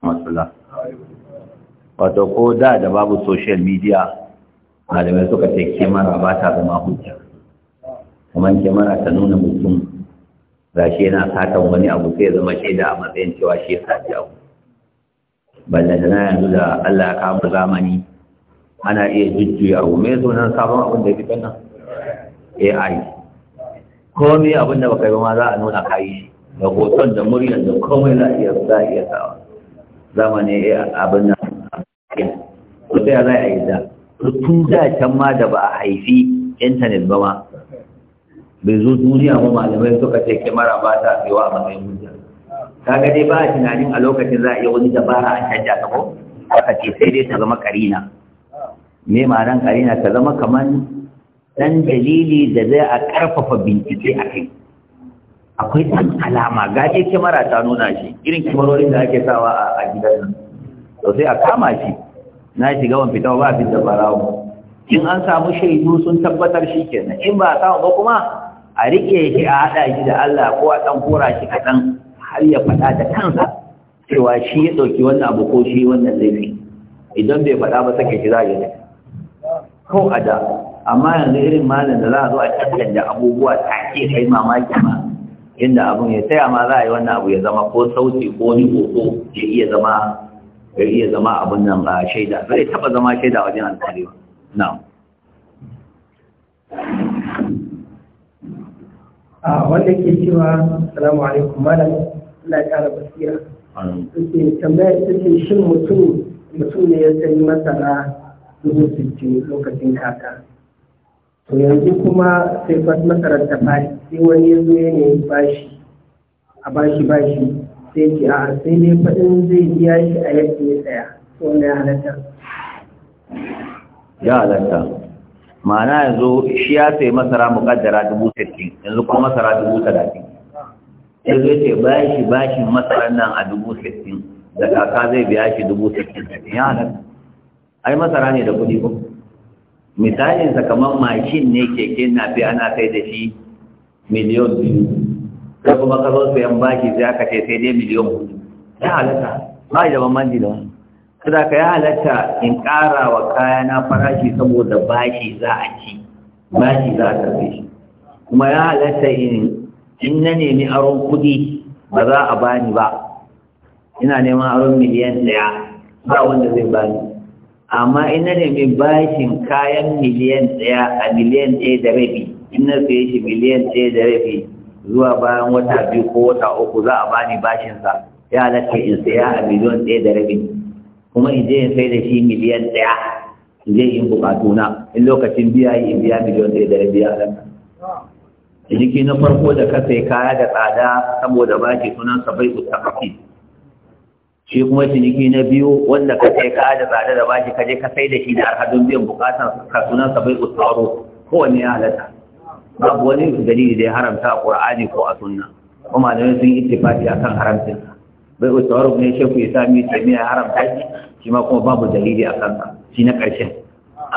matsala wato ko da da babu social media malamai suka ce kemara ba ta zama hujja kuma kemara ta nuna mutum ga shi yana satan wani abu sai ya zama shaida a matsayin cewa shi ya sati abu na yanzu da allah ya kama zamani ana iya jujjuya abu mai sunan sabon abin da ya fitan nan ai komai abin da baka yi ma za a nuna kayi da hoton da muryar da komai za a iya sawa zamani abin nan to sai za a yi da tun da can ma da ba a haifi intanet ba ma bai zo duniya ba malamai suka ce mara ba ta kaiwa ba mai hujja ka ga dai ba a tunanin a lokacin za a iya wani dabara a canja ta ko aka ce sai dai ta zama karina me ma'anar karina ta zama kamar dan dalili da zai a karfafa bincike a kai akwai ɗan alama ga ce kyamara ta nuna shi irin kyamarorin da ake sawa a gidan nan to sai a kama shi na shiga wani fita ba fi da barawo in an samu shaidu sun tabbatar shi kenan in ba a samu ba kuma a riƙe shi a haɗa shi da Allah ko a ɗan kora shi kaɗan har ya faɗa da kansa cewa shi ya ɗauki wannan abu ko shi wannan laifi idan bai faɗa ba sake shi za a yi ko a da amma yanzu irin malin da za a zo a cancanta abubuwa ta take kai mamaki ma inda abun ya taya ma za a yi wannan abu ya zama ko sauti ko ni ko ya iya zama ya iya zama abun nan a shaida zai taba zama shaida wajen alƙali ba na'am a wanda ke cewa salamu alaikum malam ina kara basira suke tambaya suke shin mutum mutum ne ya sani masara dubu sittin lokacin kaka to yanzu kuma sai fas makaranta fari sai wani ya zo yana yi bashi a bashi bashi sai ce a sai dai faɗin zai biya shi a yadda ya tsaya wanda ya halatta ya halatta ma'ana yanzu shi ya sai masara muƙaddara dubu sittin yanzu kuma masara dubu talatin Sai zai ce bashi bashin masarar nan a dubu sittin da kaka zai biya shi dubu sittin ya halatta ai masara ne da kuɗi ko misalinsa kamar mashin ne keke na fi ana kai da shi miliyon biyu ko kuma kaso sayan bashi sai aka ce sai dai miliyon hudu ya halatta ba da bambanci da wani kada ka ya halatta in kara wa kayana farashi saboda bashi za a ci bashi za a karbe shi kuma ya halatta in in na nemi aron kuɗi ba za a bani ba ina neman aron miliyan ɗaya ba wanda zai bani amma ina nemi bashin kayan miliyan ɗaya a miliyan ɗaya da rabi ina yi shi miliyan ɗaya da rabi zuwa bayan wata biyu ko wata uku za a bani bashinsa ya lafi in saya a miliyan ɗaya da rabi kuma in je in sai da shi miliyan ɗaya in je in na, in lokacin biya yi in biya miliyan ɗaya da rabi ya lafi. jiki na farko da ka sai kaya da tsada saboda bashi sunan sa bai utakafi shi kuma ciniki na biyu wanda ka kai ka da tsada da bashi ka je ka sai da shi da arhadun biyan bukatar kasunan sa bai ko kowanne ya halatta babu wani dalili da ya haramta a qur'ani ko a sunna kuma malamai sun yi ittifaqi akan haramcin sa bai usaru ne ku ya sami taimiya ya haramta shi shi ma kuma babu dalili a kansa shi na ƙarshen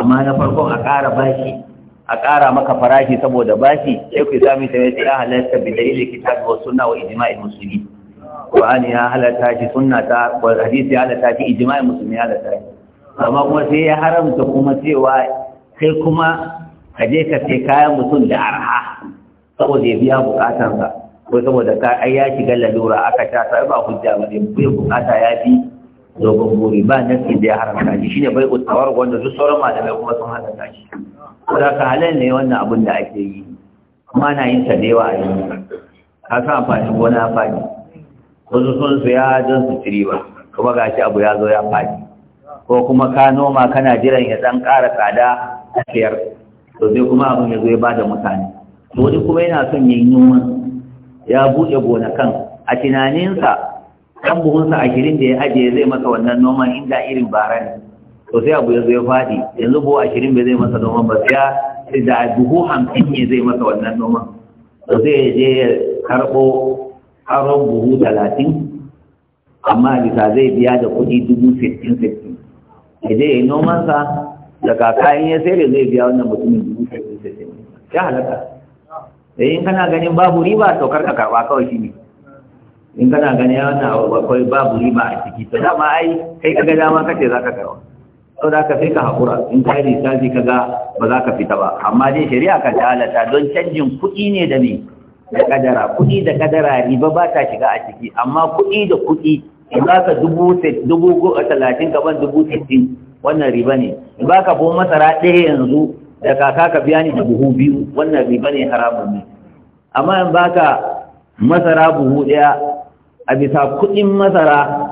amma na farkon a ƙara bashi a ƙara maka farashi saboda bashi ku ya sami taimiya ya halatta bi dalilin kitabi wa sunna wa ijma'il muslimin Qur'ani ya halatta shi suna ta hadisi ya halatta shi ijimai musulmi ya halatta shi amma kuma sai ya haramta kuma cewa sai kuma ka je ka sai kayan mutum da arha saboda ya biya bukatansa ko saboda ka ai ya shiga lalura aka ta sai ba hujja ba ne bai bukata ya fi dogon buri ba nasi da ya haramta shi shine bai uttawar wanda duk sauran malamai kuma sun halatta shi ko da ka halal ne wannan abin da ake yi kuma ana yin sa da yawa a yanzu ka san amfanin gona fadi wasu sun su ya don su ciri ba kuma shi abu ya zo ya faɗi ko kuma ka noma kana jiran ya ɗan ƙara tsada a siyar to sai kuma abin ya zo ya bada mutane wani kuma yana son yin noma ya buɗe gonakan a tunaninsa ɗan buhunsa ashirin da ya ajiye zai masa wannan noman inda irin bara ne to sai abu ya zo ya faɗi yanzu buhu ashirin bai zai masa noman ba sai da buhu hamsin ne zai masa wannan noman to zai je ya karɓo aron buhu talatin amma bisa zai biya da kuɗi dubu sittin sittin idan ya yi nomansa daga kayan ya sai da zai biya wannan mutumin dubu sittin sittin ya halatta da eh, in kana ganin babu riba to kar ka karɓa kawai shi ne in kana ganin ya wannan akwai babu riba a ciki to dama ai kai kaga dama kace za ka karɓa to da ka sai ka haƙura in ka yi lissafi ga ba za ka fita ba amma dai shari'a kan ta halatta don canjin kuɗi ne da ne da kadara kuɗi da kadara riba ba ta shiga a ciki amma kuɗi da kuɗi in ba ka dubu talatin ka ban dubu sittin wannan riba ne in ba ka bo masara ɗaya yanzu da kaka ka biya ni da buhu biyu wannan riba ne haramun ne amma in ba ka masara buhu ɗaya a bisa kuɗin masara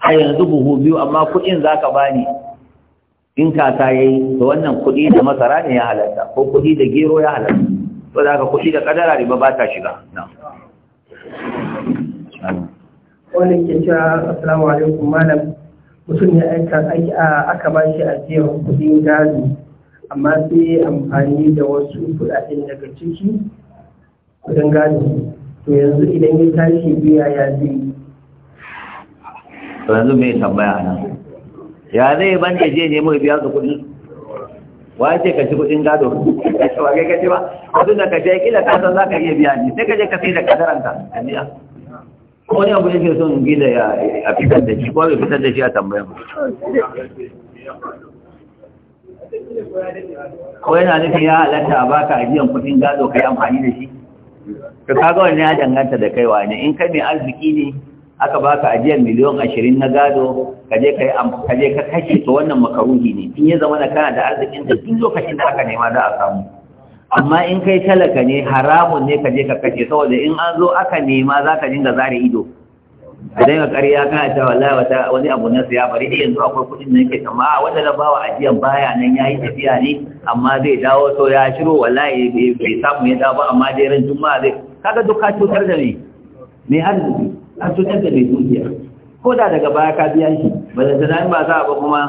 a yanzu buhu biyu amma kuɗin za ka ba ni in kaka ya yi to wannan kuɗi da masara ne ya halatta ko kuɗi da gero ya halatta ba da ka kuɗi da kadara riba ba ta shiga na wani ke cewa asalamu alaikum malam mutum ya aika aka ba shi ajiyar kuɗin gado amma sai amfani da wasu kuɗaɗen daga ciki kuɗin gado to yanzu idan ya tashi biya ya zai yanzu mai tambaya nan ya zai ban da je ne mai biya ga kuɗi wa ce ka ci kuɗin gado ba kai ka ci ba wasu da ka je kila ka san za ka iya biya ne sai ka je ka sai da kadaranka ka biya ko ne abu yake son gida ya a fitar da shi ko bai fitar da shi a tambayar. ba ko yana nufin ya halatta a baka ajiyar kuɗin gado ka yi amfani da shi ka kaga wani ya danganta da kaiwa ne in kai mai arziki ne aka baka ajiyar miliyon ashirin na gado ka je ka yi ka kashe ta wannan makaruhi ne in ya zama na kana da arzikin da duk lokacin da aka nema za a samu amma in kai talaka ne haramun ne ka je ka kashe saboda in an zo aka nema za ka dinga zare ido ka dinga ƙarya kana ta wallahi wata wani abu na siya bari dai yanzu akwai kuɗin da yake amma wanda na bawa ajiyan baya nan yi tafiya ne amma zai dawo to ya shiro wallahi bai samu ya dawo ba amma dai ran juma'a zai kaga duk ka cutar da ni me arziki an da mai dukiya ko da daga baya ka biya shi ba da tunanin ba za a ba kuma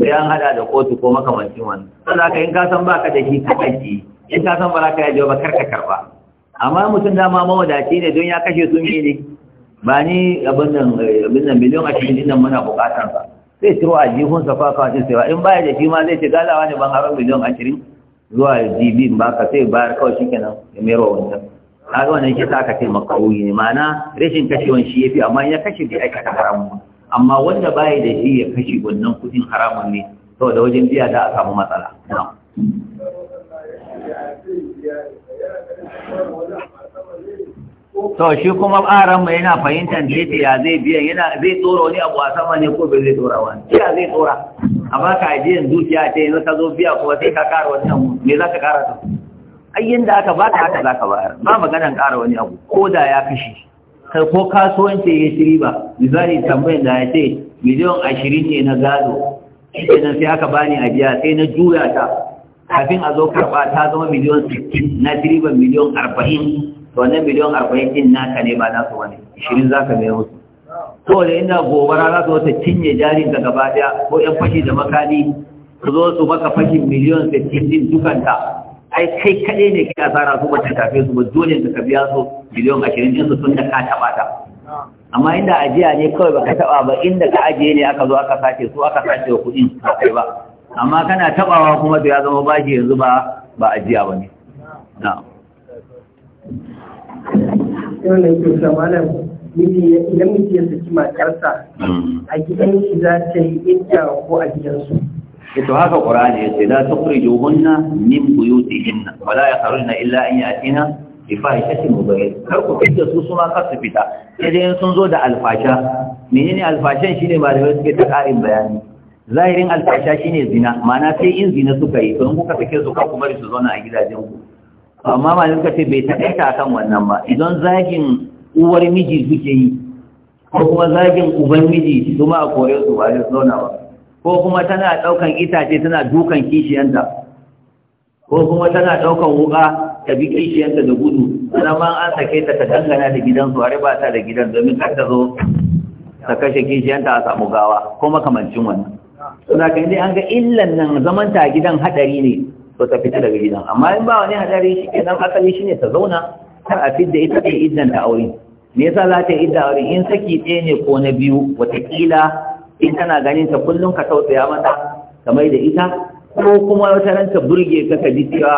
bayan hada da kotu ko makamancin wani ba za in ka san ba ka da shi ka ɗaki in ka ba za ka yaje ba karka karba amma mutum dama mawadaci ne don ya kashe sun yi ne ba ni abin nan miliyon ashirin cikin dinnan muna bukatar sa zai ciro a jihun sa fafa sai sai in baya da shi ma zai ce galawa ne ban haron miliyon ashirin zuwa jibi ba ka sai bayar kawai shikenan ya mero wancan kaga wannan yake sa ka ce makaruhi ne ma'ana rashin kashewan shi yafi amma ya kashe bai aikata haramun amma wanda baya da shi ya kashe wannan kudin haramun ne saboda wajen biya da a samu matsala to shi kuma ƙaran mai yana fahimtar jefe ya zai biyan yana zai tsoro ne abu a sama ne ko bai zai tsora wani ya zai tsora a baka ajiyar dukiya ta yanzu ka zo biya kuma sai ka ƙara wani me za ka ƙara ta ayyan da aka baka haka zaka bayar ba maganan ƙara wani abu ko da ya kashe kai ko kasuwanci ya shiri ba misali tambayin da ya ce miliyan ashirin ne na gado ita nan sai aka bani a biya sai na juya ta kafin a zo karɓa ta zama miliyan sittin na riban miliyan arba'in to wannan miliyan arba'in din naka ne ba na su wani ashirin za ka mai musu ko da ina gobara za su wata cinye jarin ka gaba ɗaya ko yan fashi da makani su zo su maka fashin miliyan sittin dukanta ai kai kaɗai ne kai asara su bata tafe su ba dole ne ka biya su miliyan ashirin din su tun da ka taɓa ta amma inda ajiya ne kawai baka taɓa ba inda ka ajiye ne aka zo aka sace su aka sace wa kuɗin ba kai ba amma kana taɓawa kuma to ya zama bashi yanzu ba ba ajiya ba ne na'am wannan ke samanin miji idan mutum ya saki matarsa hmm. a gidan shi za ta yi ita ko a gidansu ito haka qur'ani yace la tukhrijuhunna min buyutihinna wala yakhrujna illa an yatina bi fahishatin mubayyin kar ku fitta su suna kar su fita sai dai sun zo da alfasha menene alfashan shine malamai suke ta ƙarin bayani zahirin alfasha shine zina ma'ana sai in zina suka yi don kuka sake su kuma su zauna a gidajen ku amma malamai suka ce bai taƙaita akan wannan ba idan zagin uwar miji suke yi ko kuma zagin uban miji su ma a kore su ba zauna ba ko kuma tana ɗaukan itace tana dukan kishiyanta ko kuma tana ɗaukan wuƙa ta bi kishiyanta da gudu sannan ma an sake ta ta dangana da gidansu a riba ta da gidan domin kar ta zo ta kashe kishiyanta a samu gawa ko makamancin wannan suna kai dai an ga illan nan zaman ta gidan haɗari ne to ta fita daga gidan amma in ba wani haɗari shi ke nan asali shi ne ta zauna kar a fidda ita ce iddan ta aure me yasa za ta yi idda aure in saki ɗaya ne ko na biyu watakila in tana ganin ta kullum ka tausaya mata ka mai da ita ko kuma wata ran ta burge ka ka ji cewa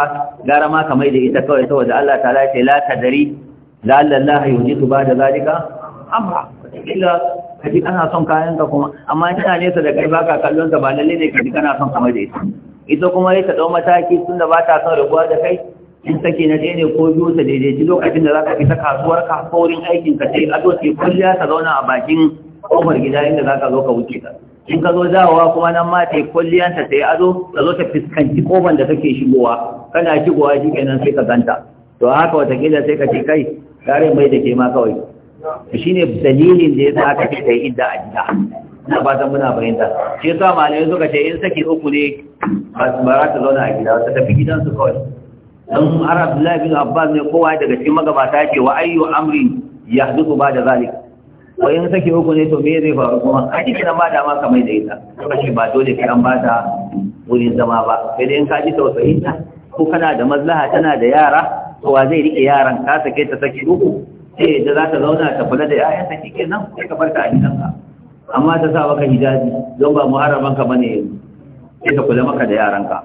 gara ma ka mai da ita kawai saboda Allah ta ce la tadari la Allah yujitu ba da zalika amma kila ka ji kana son kayan ka kuma amma in tana nesa da kai baka kallon ta ba lalle ne ka ji kana son kamar da ita ita kuma sai ta dau mataki tunda ba ta son rabuwa da kai in take na ɗaya ko biyu ta daidaici lokacin da za ka fita kasuwar ka ko wurin aikin ka sai ado sai kulliya ta zauna a bakin kofar gida inda za ka zo ka wuce ta in ka zo dawowa kuma nan ma ta yi kwalliyanta ta yi azo ta zo ta fuskanci kofar da take shigowa kana shigowa shi kenan sai ka ganta to haka watakila sai ka ce kai tare mai da ke ma kawai shi ne dalilin da ya sa ka ce ta yi idda a gida na fatan muna fahimta shi ya sa malamai suka ce in saki uku ne ba za ta zauna a gida ta tafi gidansu kawai dan arab lafi bin abbas ne kowa daga cikin magabata ce wa ayyu Amri, yahduku ba da zalika wai in sake uku ne to me zai faru kuma a cikin ba dama ma kamar da ita shi ba dole ka an ba ta wurin zama ba sai dai in ka ji tausayin ta ko kana da maslaha tana da yara to wa zai rike yaran ka sake ta sake uku sai da za ta zauna ta kula da yayan ta kike nan sai ka bar ta a gidan ka amma ta sa maka hijabi don ba muharraman ka bane sai ka kula maka da yaran ka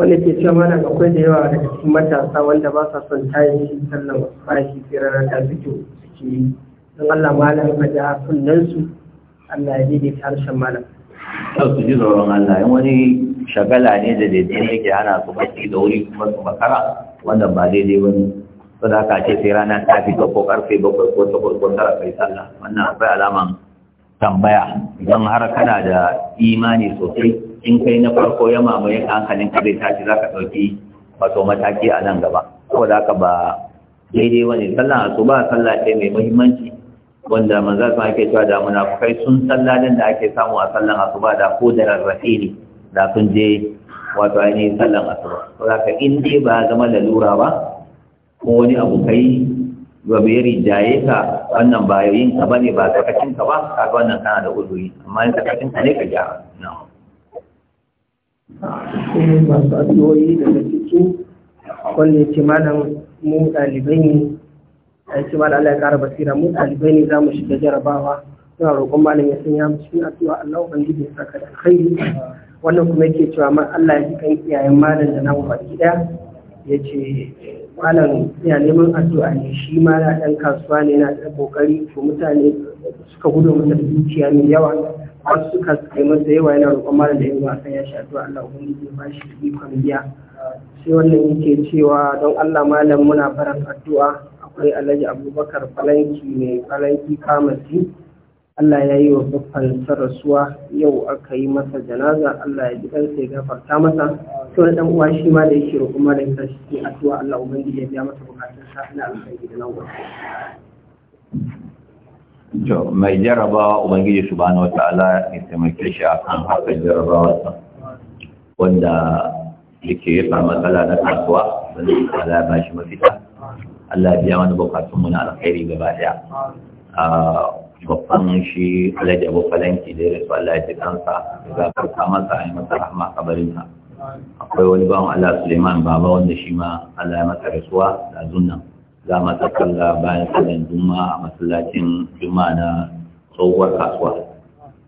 wanda ke cewa ga akwai da yawa daga cikin matasa wanda ba sa son tayin sallan fashi kiran da fito suke yi don Allah malam ka ja sunnan su Allah ya ta harshen malam to su ji tsoron Allah in wani shagala ne da dai ne yake ana su bacci da wuri kuma su makara wanda ba daidai ba ne saboda haka ce sai rana ta fito ko karfe bakwai ko takwas ko tara kai sallah wannan akwai alaman tambaya don har kana da imani sosai in kai na farko ya mamaye hankalin ka zai tashi za ka ɗauki wato mataki a nan gaba ko da haka ba daidai wani sallah asuba sallah ce mai muhimmanci wanda manzo sun ake cewa damuna, kai sun din da ake samu a sallan asuba da ko da rarrafe ne da sun je wato ainihin sallan asuba ko da ka in dai ba zama lalura ba ko wani abu kai ba bai rijaye ka wannan bayoyin ka ba ne ba sakacin ka ba ka ga wannan kana da uzuri amma in sakacin ka ne ka gyara na'am kuma masu addu'o'i daga ciki wanda ya ce malam mu ɗalibai ne a ce malam Allah ya ƙara basira mu ɗalibai ne za mu shiga jarabawa suna roƙon malam ya sanya mu cikin addu'a Allah ubangiji ya saka da alkhairi wannan kuma yake cewa man Allah ya ji kan iyayen malam da namu baki ɗaya ya ce malam ya neman addu'a ne shi ma na ɗan kasuwa ne na da kokari to mutane suka gudu masa da zuciya mai yawa wasu suka kai masa yawa yana roƙon malam da yawa wasan ya shi Allah ubun ya bashi ikon biya sai wannan yake cewa don Allah malam muna faran addu'a akwai Alhaji Abubakar Falanki mai Falanki Kamati Allah ya yi wa babban rasuwa yau aka yi masa janaza Allah ya ji kansa ya gafarta masa to na dan uwa shi ma da yake kuma malam ta shi addu'a Allah ubangiji ya biya masa bukatun sa na alkhairi da nan to mai jaraba ubangiji subhanahu wataala ya taimake shi akan haka jarabawa wanda yake yafa matsala na kasuwa wanda Allah ya bashi mafita Allah ya biya mana bukatunmu na alkhairi gaba daya babban shi alhaji abu falanki da ya rasu Allah ya ji kansa ya gafarta masa a yi masa rahama kabarinsa akwai wani bawan Allah Suleiman baba wanda shi ma Allah ya masa rasuwa da zunna za mu tsakalla bayan sallan juma'a a masallacin juma'a na tsohuwar kasuwa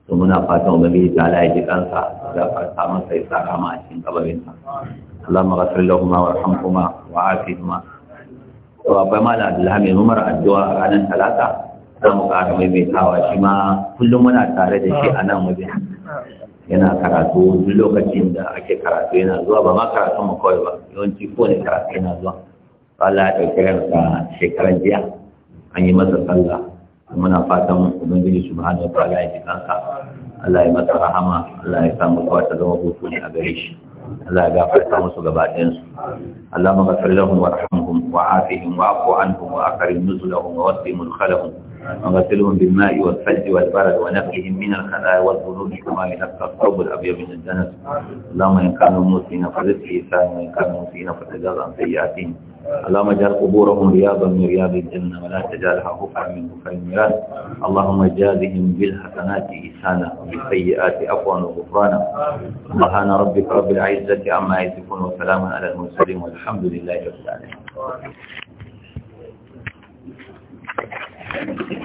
to muna fatan ubangiji ta Allah ya ji kansa da fata masa ya saka ma a cikin kabarin sa Allahumma ghafir lahum wa kuma wa afihima to akwai malam Abdullahi Umar addu'a ranar talata za mu ƙara maimaitawa shi ma kullum muna tare da shi a nan wajen yana karatu duk lokacin da ake karatu yana zuwa ba ma karatu ma kawai ba yawanci ko ne karatu yana zuwa Allah ya ɗauki ransa shekaran jiya an yi masa sallah muna fatan ubangiji subhanahu wataala ya ji kansa Allah ya masa rahama Allah ya sa mu kawai ta zama hutu ne a gare shi Allah ya gafarta musu gaba ɗayan su Allahumma ghfir wa afihim wa afu anhum wa akarin nuzulahum wa wasim mudkhalahum وغسلهم بالماء والثلج والبرد ونقهم من الخلايا والذنوب كما ينقى الثوب الابيض من الدنس اللهم ان كانوا موسين فرزق إيسان وان كانوا موسين فتجاوز عن سيئاتهم اللهم اجعل قبورهم رياضا من رياض الجنه ولا تجعلها غفرا من غفر الميراث اللهم جازهم بالحسنات احسانا وبالسيئات عفوا وغفرانا سبحان ربك رب العزه عما يصفون وسلاما على المرسلين والحمد لله رب العالمين Thank you.